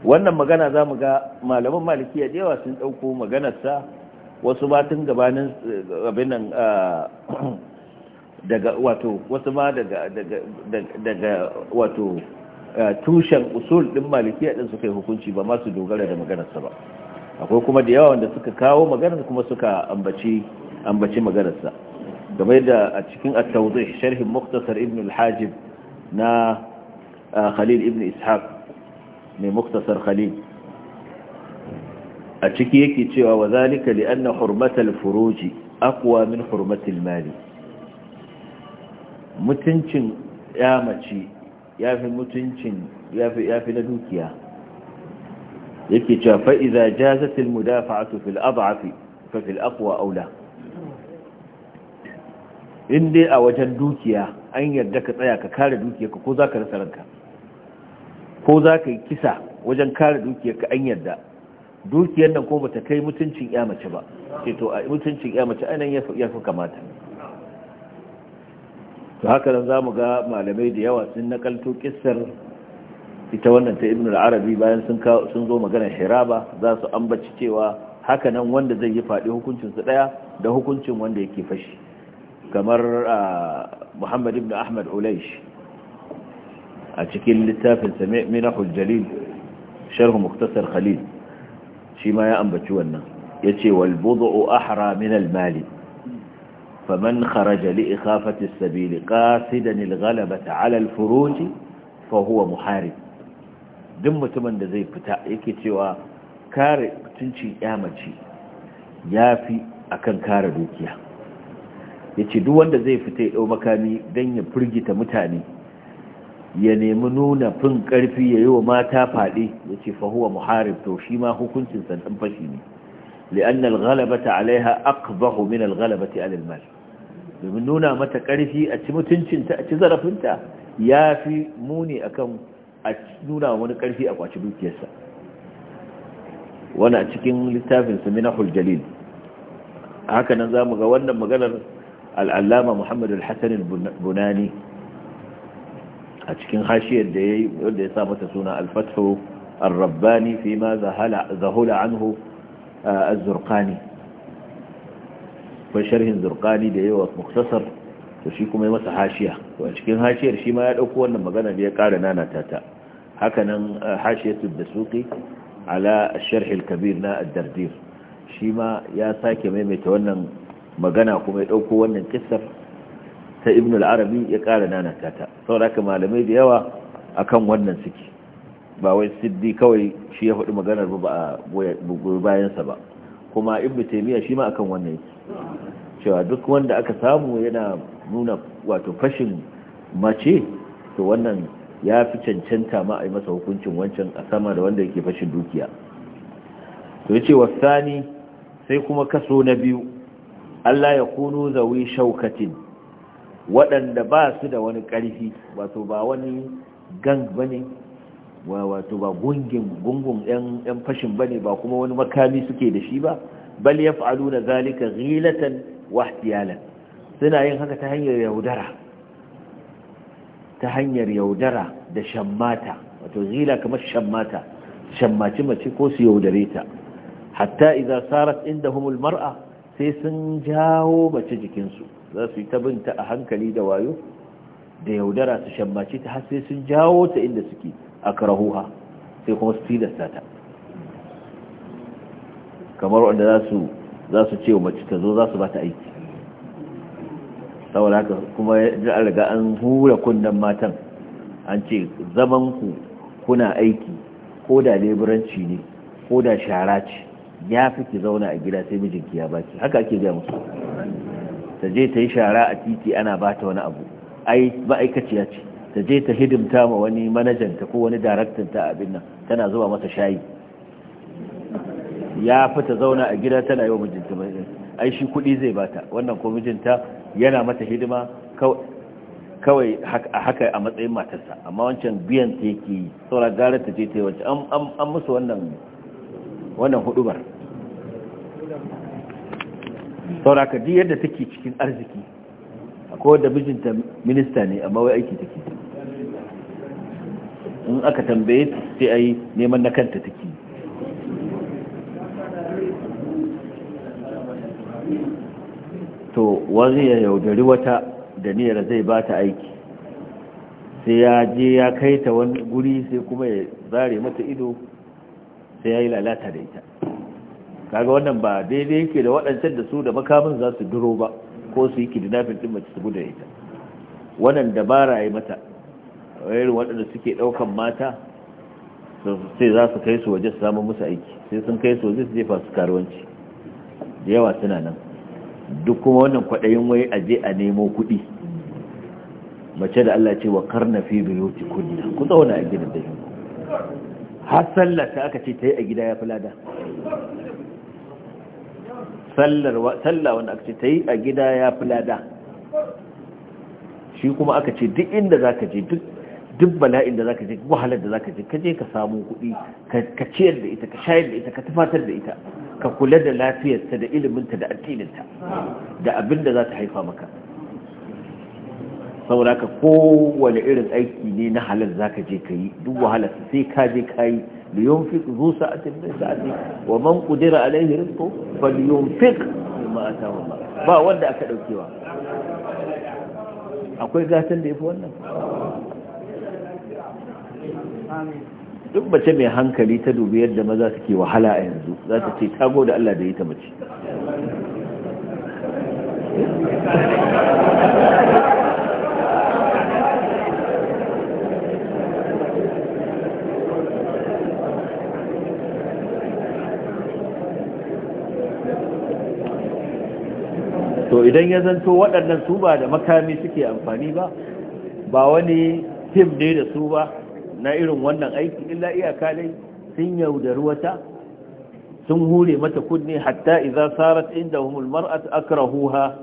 wannan magana za mu ga malaman malikiya da yawa sun ɗauko maganarsa wasu ba tun gabanin eh, abinan ah, daga wato wasu ma daga wato eh, tushen usul ɗin malikiya din suka yi hukunci ba masu dogara da maganarsa ba akwai kuma da yawa wanda suka kawo maganar kuma suka ambaci maganarsa game da a cikin at-tawdih sharhin muktasar ibn al-hajib na ah, khalil ibn ishaq mai muktasar khalil a ciki yake cewa wa zalika li anna hurmatal furuji aqwa min hurmatil mali mutuncin ya mace yafi mutuncin yafi yafi na dukiya yake cewa fa idza jazat al mudafa'atu fil ad'af fa fil aqwa aula in dai a wajen dukiya an yarda ka tsaya ka kare dukiyarka ko zaka rasa ranka ko za ka yi kisa wajen kare dukiyar ka an yadda dukiyar nan ko ba ta kai mutuncin ya mace ba ce eh to a mutuncin ya mace ainihin ya fi kamata to haka nan za mu ga malamai da yawa sun nakalto kissar ita wannan ta ibn al-arabi bayan sun zo maganar shiraba za su ambaci cewa haka nan wanda zai yi faɗi hukuncinsu ɗaya da hukuncin wanda yake fashi kamar ah, muhammad ibn ahmad ulaish a cikin littafin sa minahul jalil sharh muktasar khalil shi ma ya ambaci wannan yace wal bud'u ahra min al mali faman kharaja li ikhafati as-sabil qasidan al ghalabata ala al furuj fa huwa muharib duk mutumin da zai fita yake cewa kare mutunci kyamaci yafi akan kare dukiya yace duk wanda zai fita ya dau makami dan ya furgita mutane ya nemi nuna fin karfi ya yi wa mata faɗi ya ce fahuwa muharib to shi ma hukuncin sandan fashi ne Li'an al-ghalabata alaiha aqbahu min al-ghalabati ala al-mal domin nuna mata karfi a ci a ci zarafinta ya fi muni akan a nuna wani karfi a kwaci dukiyarsa wani a cikin littafin minahul jalil haka nan za mu ga wannan maganar al'allama muhammadu al-hassan bunani a cikin hashiyar da ya yi wanda ya sa mata suna alfatho الرباني فيما ذهل, ذهل عنه الزرقاني فشره da yawa muktasar to shi kuma ya masa hashiya a cikin hashiyar shi ma ya ɗauko wannan magana da ya kara nanata ta hakanan nan da dasuqi ala sharhin kabir na ad-dardir shi ma ya sake maimaita wannan magana kuma ya ɗauko wannan kissar ta ibn al-arabi ya ƙara nanata ta sauraka malamai da yawa akan wannan suke ba wai siddi kawai shi ya faɗi maganar ba bayansa ba kuma ibn taimiyya shi ma akan wannan yake cewa duk wanda aka samu yana nuna wato fashin mace to wannan ya fi cancanta ma a masa hukuncin wancan a sama da wanda yake fashin dukiya to ya ce wasani sai kuma kaso na biyu Allah ya kunu zawi shaukatin waɗanda ba su da wani ƙarfi wato ba wani gang ba ne wato ba gungun 'yan fashin ba ne ba kuma wani makami suke da shi ba bal ya fa'alu na zalika ghilatan wahtiyalan suna yin haka ta hanyar yaudara ta hanyar yaudara da shammata wato ghila kamar shammata shammaci mace ko su yaudare ta hatta idza sarat Humul mar'a sai sun jawo mace jikinsu za su yi ta binta a hankali da wayo da yaudara su shammaci ta har sai sun jawo ta inda suke a karahuha sai kuma su tilasta ta kamar wanda za su ce wa mace ta zo za su ba ta aiki saboda haka kuma ya riga an hura kunnen matan an ce zaman ku kuna aiki ko da leburanci ne ko da shara ce ya fi ki zauna a gida sai mijinki ya baki haka ake gaya musu ta je ta yi shara a titi ana ba ta wani abu ai ma'aikaciya ce ta je ta hidimta ma wani manajanta ko wani daraktanta abin nan tana zuba masa shayi ya fi ta zauna a gida tana yi wa mijinta ai shi kuɗi zai bata wannan ko mijinta yana mata hidima kawai haka a matsayin matarsa amma wancan biyan ta yake yi saura gara ta je ta yi wancan an musu wannan hudubar saura ka ji yadda take cikin arziki akwai wadda mijinta minista ne amma wai aiki take in aka tambaye sai a yi neman na kanta take to wani ya yaudari wata da niyyar zai ba ta aiki sai ya je ya kai ta wani guri sai kuma ya zare mata ido sai ya yi lalata da ita kaga wannan ba daidai yake da waɗancan da su da makamin za su duro ba ko su yi kidnapping din mace su gudu ita wannan dabara ya mata wayar waɗanda suke ɗaukan mata sai za su kai su waje su samu musu aiki sai sun kai su waje su jefa su karuwanci da yawa suna nan duk kuma wannan kwaɗayin wai a je a nemo kuɗi mace da Allah ce wa karna fi biyoti kunna ku zauna a gidan da har ta aka ce ta yi a gida ya fi lada sallar wanda aka ce ta yi a gida ya fi lada shi kuma aka ce duk inda za ka je duk bala'in da za ka je wahalar da za ka je ka je ka samu kuɗi ka ciyar da ita ka shayar da ita ka tafatar da ita ka kula da lafiyarta da iliminta da addininta da abin da za ta haifa maka saboda ka kowane irin aiki ne na halar za ka je ka yi duk wahalar sai ka je ka yi لينفق ذو ساعة من سعته ومن قدر عليه رزقه فلينفق مما أتاه الله با ودا aka daukewa akwai gatan da yafi wannan duk bace mai hankali ta dubi yadda maza suke wahala a yanzu za ta ce tago da Allah da yi ta mace to idan ya zanto waɗannan su ba da makami suke amfani ba ba wani tim ne da su ba na irin wannan aiki illa iyaka dai sun yaudari wata sun hure mata kunne hatta idza sarat indahum almar'at akrahuha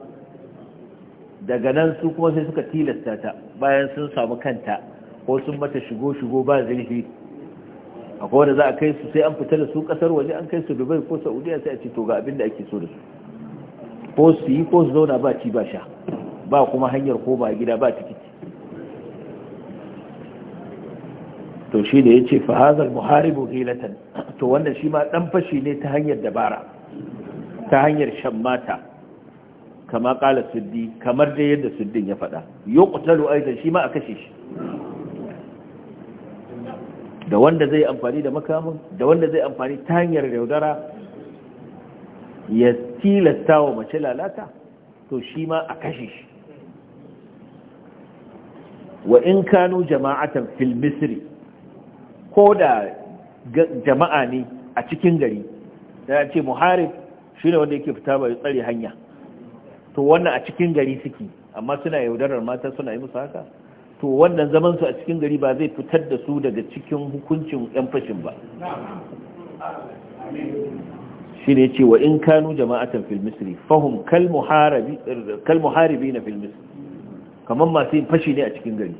daga nan su kuma sai suka tilasta ta bayan sun samu kanta ko sun mata shigo shigo ba zurfi akwai wanda za a kai su sai an fita da su kasar waje an kai su Dubai ko Saudiya sai a ce to ga abin da ake so da su ko su yi ko su zauna ba ci ba sha ba kuma hanyar ko ba gida ba tikiti to shi da ya ce fahazar muharibu hilatan to wannan shi ma dan fashi ne ta hanyar dabara ta hanyar shammata kama kala suddi kamar da yadda suddin ya faɗa yau kutaru aizan shi ma a kashe shi da wanda zai amfani da makamun, da wanda zai amfani ta hanyar yaudara ya tilasta wa mace lalata to shi ma a kashe shi wa in kanu jama'atan fil misri ko da jama'a ne a cikin gari da ce muharib shi ne wanda yake fita bai tsare hanya to wannan a cikin gari suke amma suna yaudarar mata suna yi musu haka to wannan zaman su a cikin gari ba zai fitar da su daga cikin hukuncin yan fashin ba shine yace wa in kanu jama'atan fil misri fahum kal muharibi kal na fil misri kaman masu yin fashi ne a cikin gari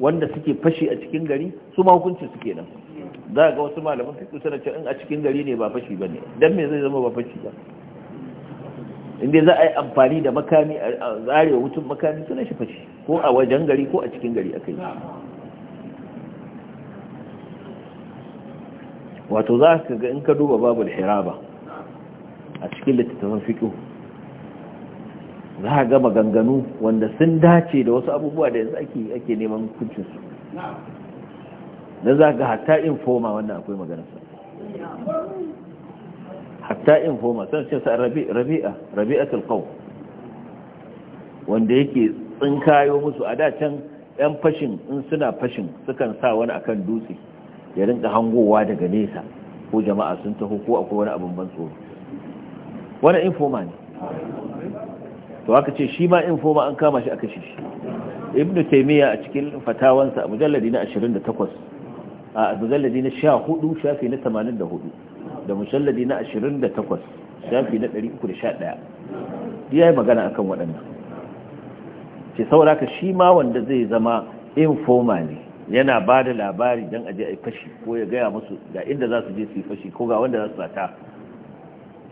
wanda suke fashi a cikin gari su ma suke nan za ga wasu malaman fiqh suna cewa in a cikin gari ne ba fashi bane dan me zai zama ba fashi ba inda za a yi amfani da makami a zarewa mutum makami suna shi fashi ko a wajen gari ko a cikin gari aka yi. wato za ka ga in ka duba babu hiraba a cikin littattafan fiƙo za a gama ganganu wanda sun dace da wasu abubuwa da yanzu ake neman hukuncinsu na za ga hatta informa wannan akwai maganarsa hatta informa sun ce sa rabi'a rabi'atul qaw wanda yake tsinkayo musu a dacen yan fashin in suna fashin sukan sa wani akan dutse ya rinka hangowa daga nesa ko jama'a sun taho ko akwai wani abin ban tsoro wani infoma ne to aka ce shi ma infoma an kama shi aka shi ibnu taymiya a cikin fatawansa a mujalladi na 28 a mujalladi na 14 shafi na 84 da mujalladi na 28 shafi na 311 ya yi magana akan waɗannan ce sauraka shi ma wanda zai zama infoma ne yana ba da labari don aje a fashi ko ya gaya musu ga inda za su je su yi fashi ko ga wanda za su sata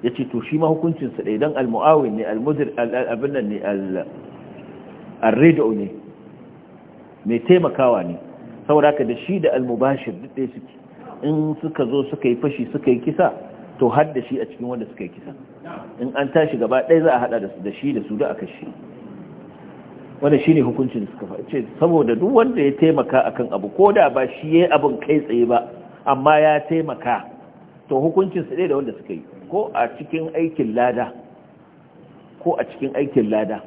yace to shi ma hukuncin sa dai dan al-muawin ne al-mudir abin nan ne al-ridu ne mai taimakawa ne saboda haka da shi da al-mubashir duk dai suke in suka zo suka yi fashi suka yi kisa to har da shi a cikin wanda suka yi kisa in an tashi gaba ɗaya za a hada da shi da su da aka shi wanda shi ne hukuncin suka faɗi saboda duk wanda ya taimaka akan abu ko da ba shi ya abin kai tsaye ba amma ya taimaka to hukuncin su ɗaya da wanda suka yi ko a cikin aikin lada ko a cikin aikin lada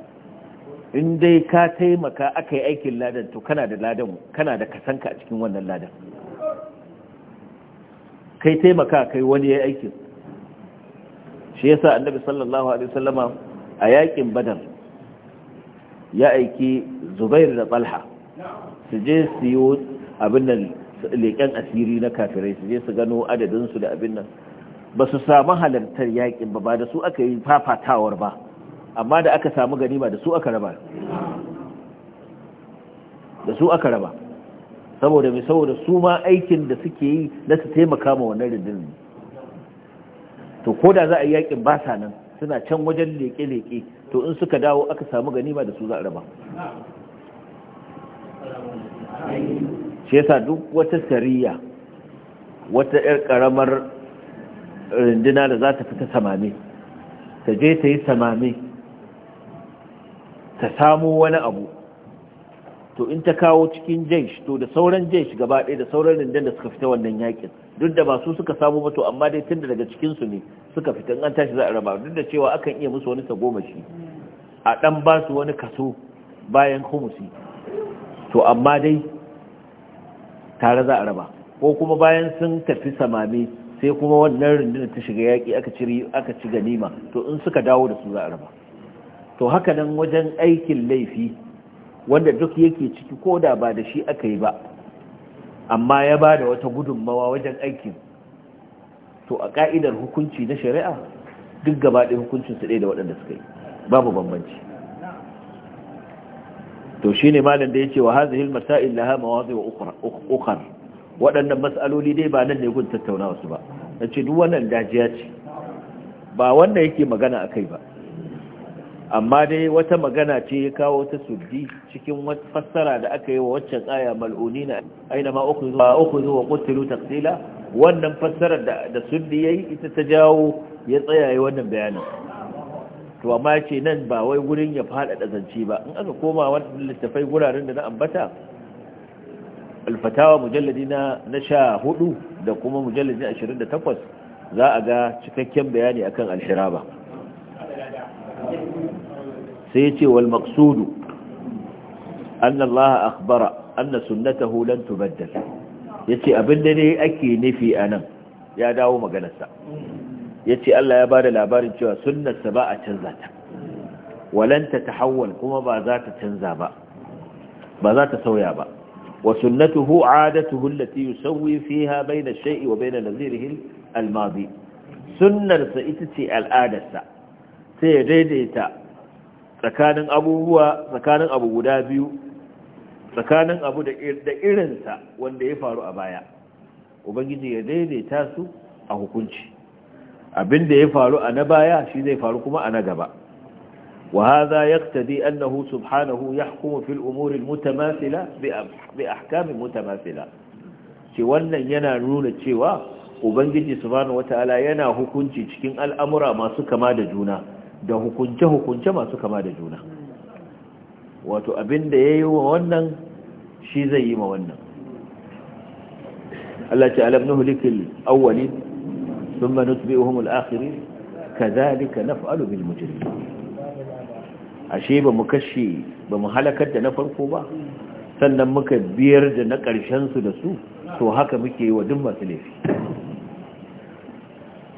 in dai ka taimaka aka yi aikin ladan to kana da ladan kana da kasanka a cikin wannan ladan kai taimaka kai wani ya yi aikin shi yasa annabi sallallahu alaihi wasallama a yakin badar ya aiki zubair da balha su je su yi abin nan leƙen asiri na kafirai su je su gano adadinsu da abin nan ba su samu halartar yaƙin ba ba da su aka yi fafatawar ba amma da aka samu ganima da su aka raba da su aka raba saboda mai saboda su ma aikin da suke yi na su taimaka ma wannan rindin to ko da za a yi yaƙin ba sa nan suna can wajen leƙe-leƙe to in suka dawo aka samu ganima da su za a raba shi yasa duk wata sariya wata ƴar ƙaramar rindina da za ta fita samame ta je ta yi samame ta samu wani abu to in ta kawo cikin jaish to da sauran jaish gaba ɗaya da sauran rindin da suka fita wannan yakin duk da masu suka samu mato amma dai tun daga cikinsu ne suka fita an tashi za a raba duk da cewa akan iya musu wani tagomashi a ɗan ba su wani kaso bayan humusi to amma dai tare za a raba ko kuma bayan sun tafi samami sai kuma wannan rundunar ta shiga yaki aka ci aka ci ganima to in suka dawo da su za a raba to haka nan wajen aikin laifi wanda duk yake ciki ko da ba da shi aka yi ba amma ya ba da wata gudunmawa wajen aikin to a ka'idar hukunci na shari'a duk gaba ɗaya su ɗaya da waɗanda suka yi babu bambanci to ne malam da ce wa hadhihi al-masail laha wa ukhra waɗannan mas'aloli dai ba nan ne gun tattauna su ba nace duk wannan dajiya ce ba wanda yake magana akai ba amma dai wata magana ce ya kawo ta suddi cikin fassara da aka yi wa waccan aya mal'unina aina ma ukhudhu wa qutilu taqtila wannan fassarar da suddi yayi ita ta jawo ya tsayaye wannan bayanin to amma ce nan ba wai wurin ya faɗaɗa zance ba in aka koma wani littafai guraren da na ambata alfatawa mujalladi na sha hudu da kuma mujalladi ashirin da takwas za a ga cikakken bayani akan alshiraba sai ce wal maksudu anna Allah akhbara anna sunnata lan tubaddal yace abin da ne ake nufi anan ya dawo maganarsa ya ce Allah ya ba da labarin cewa sunnarsa ba a canza ta walanta ta hawan kuma ba za ta canza ba ba za ta sauya ba wa sunnatuhu adatuhu allati yusawwi fiha bayna shay'i wa bayna nazirihi al-madi sunnarsa ita ce al'adarsa sai ya daidaita tsakanin abubuwa tsakanin abu guda biyu tsakanin abu da irinsa wanda ya faru a baya ubangiji ya daidaita su a hukunci abin da ya faru a na baya shi zai faru kuma a na gaba wa hadha yaqtadi annahu subhanahu yahkumu fil umuri mutamathila bi ahkam mutamathila ce wannan yana nuna cewa ubangiji subhanahu wataala yana hukunci cikin al'amura masu kama da juna da hukunce hukunce masu kama da juna wato abin da yayi wa wannan shi zai yi ma wannan Allah ta'ala ibn hulikil awwalin ثم نتبئهم الآخرين كذلك نفعل بالمجرمين ashe ba mu kashe bamu mu halakar da na farko ba sannan muka biyar da na karshen su da su to haka muke yi wa duk masu laifi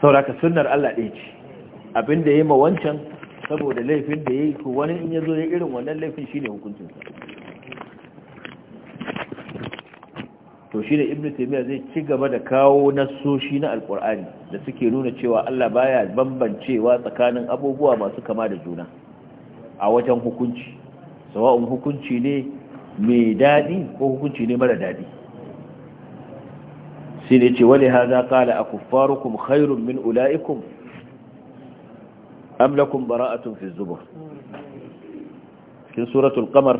sauraka sunnar Allah ɗaya ce abinda ya yi ma wancan saboda laifin da ya yi wani in ya zo irin wannan laifin shine ne hukuncinsa to shi ne ibn taymiya zai ci gaba da kawo nassoshi na alkur'ani da suke nuna cewa Allah baya bambancewa tsakanin abubuwa masu kama da juna a wajen hukunci sawa'un hukunci ne mai daɗi ko hukunci ne mara daɗi sai ne ce wani haza kala a kuffarukum khairun min ula'ikum amlakum bara'atun fi zubur cikin suratul qamar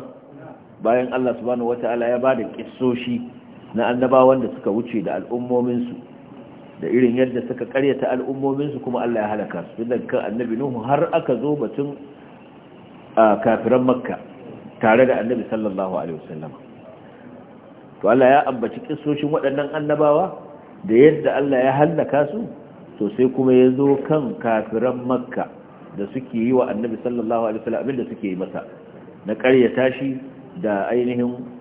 bayan Allah subhanahu wata'ala ya bada kissoshi na annabawan da suka wuce da al'ummominsu da irin yadda suka karyata al'ummominsu kuma Allah ya halaka su tun kan annabi nuhu har aka zo batun kafiran makka tare da annabi sallallahu alaihi wasallam to Allah ya ambaci kissoshin waɗannan annabawa da yadda Allah ya halaka su to sai kuma ya zo kan kafiran makka da suke yi wa annabi sallallahu alaihi wasallam abinda suke yi masa na karyata shi da ainihin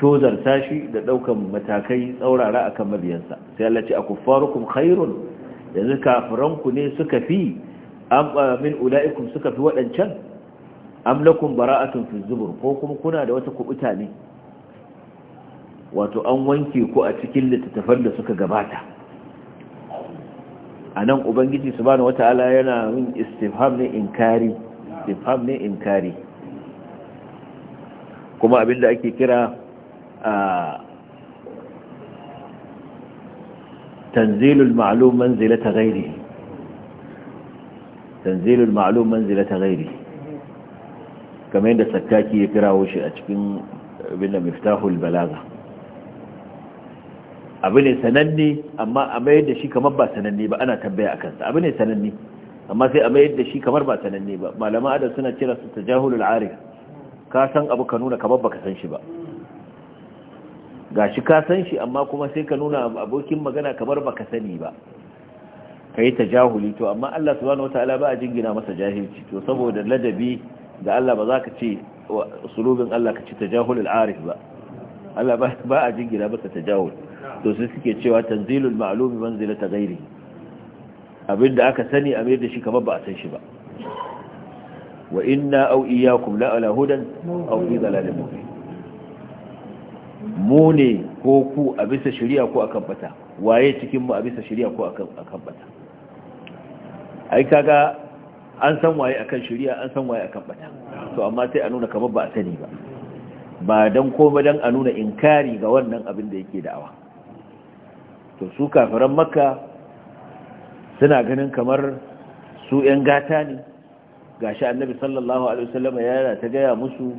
tozarta shi da daukan matakai tsaurara a kan mabiyansa sai Allah ce akuffarukum khairun yanzu kafiranku ne suka fi am min ulaikum suka fi wadancan am lakum bara'atun fi zubur ko kuma kuna da wata kubuta ne wato an wanke ku a cikin littattafan da suka gabata anan ubangiji subhanahu wataala yana yin istifham ne inkari istifham ne inkari kuma abinda ake kira تنزيل المعلوم منزلة غيره تنزيل المعلوم منزلة غيره كما عند السكاكي يكره شيء أتكين بنا مفتاح البلاغة abu ne sananne amma a mayar da shi kamar ba sananne ba ana tambaya a kansa abu ne sananne amma sai a mayar da shi kamar ba sananne ba malama adam suna cira su tajahulul arif ka san abu ka nuna kamar baka san shi ba ga shi ka san shi amma kuma sai ka nuna abokin magana kamar baka sani ba ka yi tajahuli to amma Allah subhanahu ta'ala ba a jingina masa jahilci to saboda ladabi da Allah ba za ka ce sulubin Allah ka ce tajahulul arif ba Allah ba a jingina masa tajahul to sai suke cewa tanzilul ma'lumi manzilata ghairi da aka sani a mai da shi kamar ba a san shi ba wa inna aw iyyakum la ala hudan aw fi dhalalin mubin mu ne ko ku a bisa shari'a ko akan bata waye cikin mu a bisa shari'a ko akan bata ai kaga an san waye akan shari'a an san waye akan bata to amma sai a nuna kamar ba a sani ba ba dan komai dan a nuna inkari ga wannan abin da yake da'awa to su kafiran makka suna ganin kamar su 'yan gata ne gashi annabi sallallahu alaihi wasallam ya ta gaya musu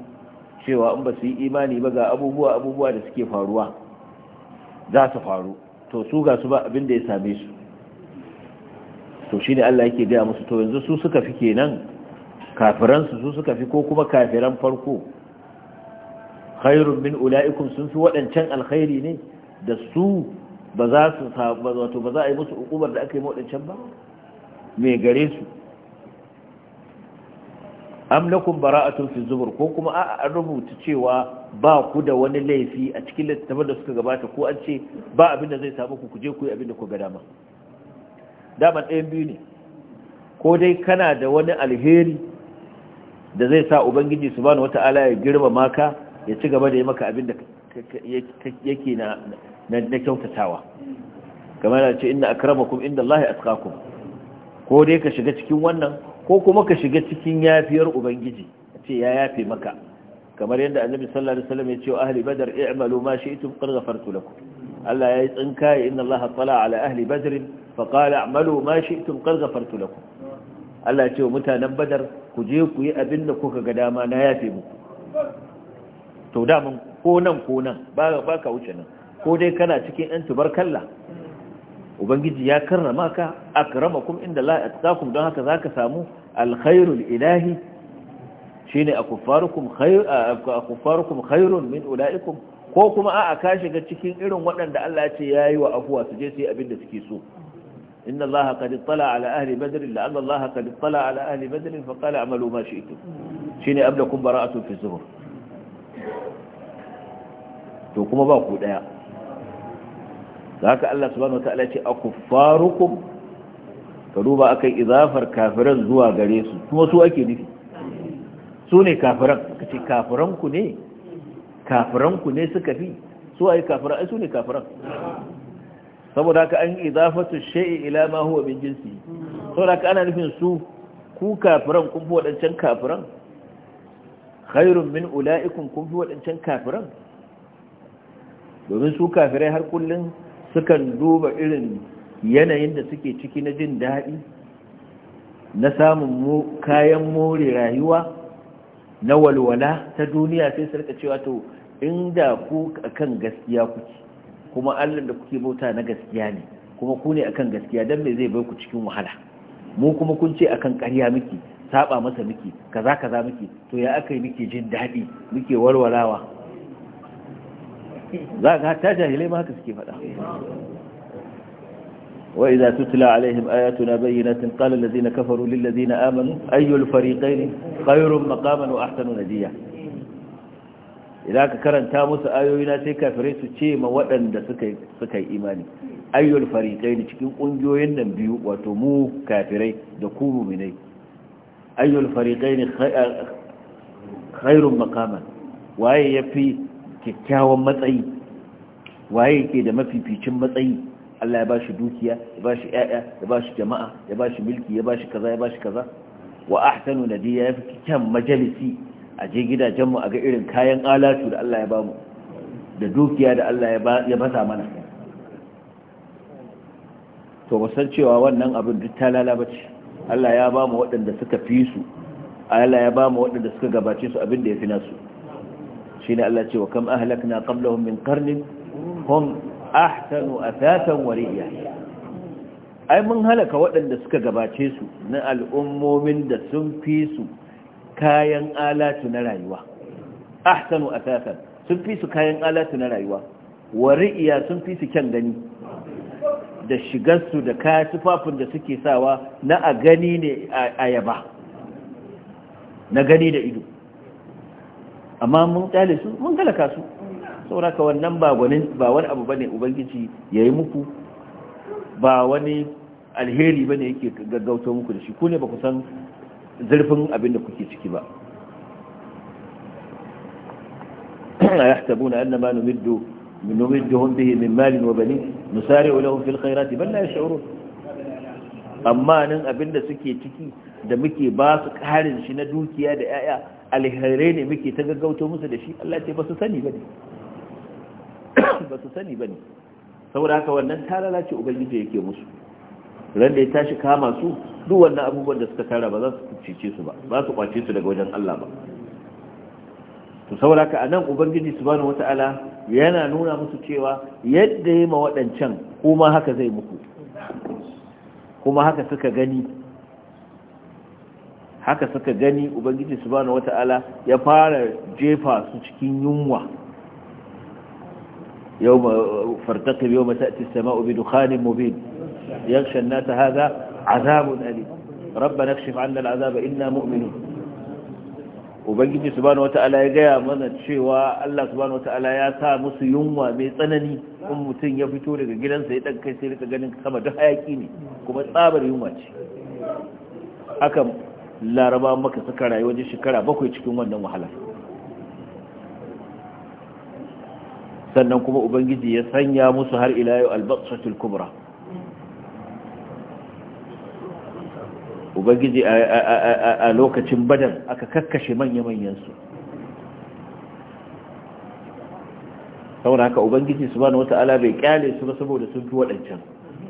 cewa in ba su yi imani ba ga abubuwa abubuwa da suke faruwa za su faru to su ga su ba abin da ya same su to shi ne Allah yake gaya musu to yanzu su suka fi kenan kafiransu su suka fi ko kuma kafiran farko khairun min ula'ikum sun fi waɗancan alkhairi ne da su ba za su wato ba za a yi musu hukumar da aka yi waɗancan ba me gare su am lakum bara'atun fi zubur ko kuma a an rubuta cewa ba ku da wani laifi a cikin littattafan da suka gabata ko an ce ba abin da zai samu ku kuje ku yi abin da ku ga dama daman ɗayan biyu ne ko dai kana da wani alheri da zai sa ubangiji subhanahu wata'ala ya girma maka ya ci gaba da yi maka abin da yake na na kyautatawa kamar da ce inna akramakum inda Allah ya atqakum ko dai ka shiga cikin wannan ko kuma ka shiga cikin yafiyar ubangiji ce ya yafe maka kamar yadda annabi sallallahu alaihi wasallam ya ce ahli badar i'malu ma shi'tum qad ghafartu lakum Allah yayi tsinka ya inna Allah tala ala ahli badr fa qala a'malu ma shi'tum qad ghafartu lakum Allah ya ce wa mutanen badar ku je ku yi abin da kuka ga dama na yafe muku to da mun ko nan ko nan ba ba ka wuce nan ko dai kana cikin yan tubarkalla ubangiji ya karrama ka akramakum inda la atqakum don haka zaka samu alkhairul ilahi shine akuffarukum khayr akuffarukum khairun min ulaikum ko kuma a'a ka shiga cikin irin waɗanda Allah ya ce ya yi wa afuwa su je su yi abin da suke so inna Allaha qad tala ala ahli badr la anna Allah qad tala ala ahli badr fa qala amalu ma shi'tum shine ablakum bara'atun fi zubur to kuma ba ku daya haka Allah subhanahu wa ta'ala ya ce akuffarukum ka duba aka yi izafar kafiran zuwa gare su kuma su ake nufi su ne kafiran ka ce kafiranku ne kafiranku ne suka fi su yi kafiran ai su ne kafiran saboda haka an yi izafatu sha'i ila ma huwa min jinsi saboda haka ana nufin su ku kafiran kun fi waɗancan kafiran khairun min ula'ikum kun fi waɗancan kafiran domin su kafirai har kullum sukan duba irin yanayin da suke ciki na jin daɗi na samun kayan more rayuwa na walwala ta duniya sai su cewa to inda ku akan gaskiya kuke kuma Allah da kuke bauta na gaskiya ne kuma ku ne akan gaskiya don mai zai bai ku cikin wahala mu kuma kun ce akan karya miki saba masa miki kaza kaza miki to ya aka yi miki jin daɗi miki walwalawa za ka ta jahilai ma haka suke faɗa وإذا تتلى عليهم آياتنا بينات قال الذين كفروا للذين آمنوا أي الفريقين خير مقاما وأحسن نديا إذا كرن تاموس آيونا سيكا فريسو تشيما وأن دا سكي, سكي إيماني أي الفريقين تشكين أنجوين نبيو وتمو كافرين دكومو مني أي الفريقين خير مقاما وأي يفي كتاوى مطعي وأي كده ما في بيشم مطعي Allah ya ba shi dukiya ya ba shi ƴaƴa ya ba shi jama'a ya ba shi mulki ya ba shi kaza ya ba shi kaza wa ahsanu nadiya ya fi kyan majalisi a je gidajenmu a ga irin kayan alatu da Allah ya ba mu da dukiya da Allah ya basa mana to musan cewa wannan abin duk ta lalabace Allah ya ba mu waɗanda suka fi su Allah ya ba mu waɗanda suka gabace su abin da ya fi nasu shine Allah ce wa kam ahlakna qablahum min qarnin hum ahsanu athatan wariya ai mun halaka waɗanda suka gabace su na al'ummomin da sun fi su kayan alatu na rayuwa ahsanu athatan sun fi su kayan alatu na rayuwa wariya sun fi su kyan gani da shigarsu da kaya tufafin da suke sawa na a gani ne a yaba na gani da ido amma mun kyale su mun galaka su saboda ka wannan ba wani abu bane ubangiji ya yi muku ba wani alheri bane yake gaggauto muku da shi ku ne ba ku san zurfin abin da kuke ciki ba annama أن ما نمد نمدهم min malin wa وبنين نسارع لهم fil khairati بل la يشعرون amma nan abin da suke ciki da muke ba su karin shi na dukiya da 'ya'ya alherai ne muke ta gaggauto musu da shi Allah ce ba su sani ba ne ba su sani ba ne saboda wannan tarara ce ubangiji yake musu ran da ya tashi kama su duk wannan abubuwan da suka tara ba za su cece su ba ba su kwace su daga wajen Allah ba to saboda haka anan ubangiji subhanahu wataala yana nuna musu cewa yadda ya ma waɗancan kuma haka zai muku kuma haka suka gani haka suka gani ubangiji subhanahu wataala ya fara jefa su cikin yunwa يوم فارتقب يوم تأتي السماء بدخان مبين يغشى الناس هذا عذاب أليم ربنا اكشف عنا العذاب إنا مؤمنون ubangiji subhanahu wata'ala ya gaya mana cewa Allah subhanahu wata'ala ya sa musu yunwa mai tsanani in mutum ya fito daga gidan gidansa ya kai sai rika ganin sama duk hayaki ne kuma tsabar yunwa ce haka laraba maka suka rayu wajen shekara bakwai cikin wannan wahalar sannan kuma ubangiji ya sanya musu har ila yau albatsatul kubra ubangiji a lokacin badan aka kakkashe manya-manyansu saboda haka ubangiji su bani wata'ala bai kyale su ba saboda sun fi waɗancan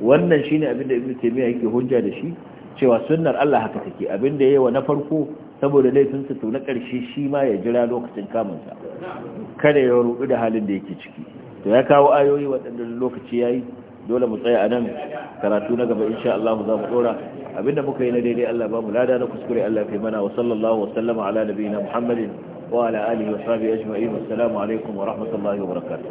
wannan shine abinda ibn taymiya yake hujja da shi cewa sunnar Allah haka take abinda ya yi wa na farko saboda laifin su na karshe shi ma ya jira lokacin kamunsa kada ya rubu da halin da yake ciki to ya kawo ayoyi waɗanda lokaci ya yi dole mu tsaya a nan karatu na gaba insha Allah za mu ɗora abinda muka yi na daidai Allah ba mu lada na kuskure Allah kai mana wa sallallahu wa sallama ala nabiyina Muhammadin wa ala alihi wa sahbihi ajma'in assalamu alaikum wa rahmatullahi wa barakatuh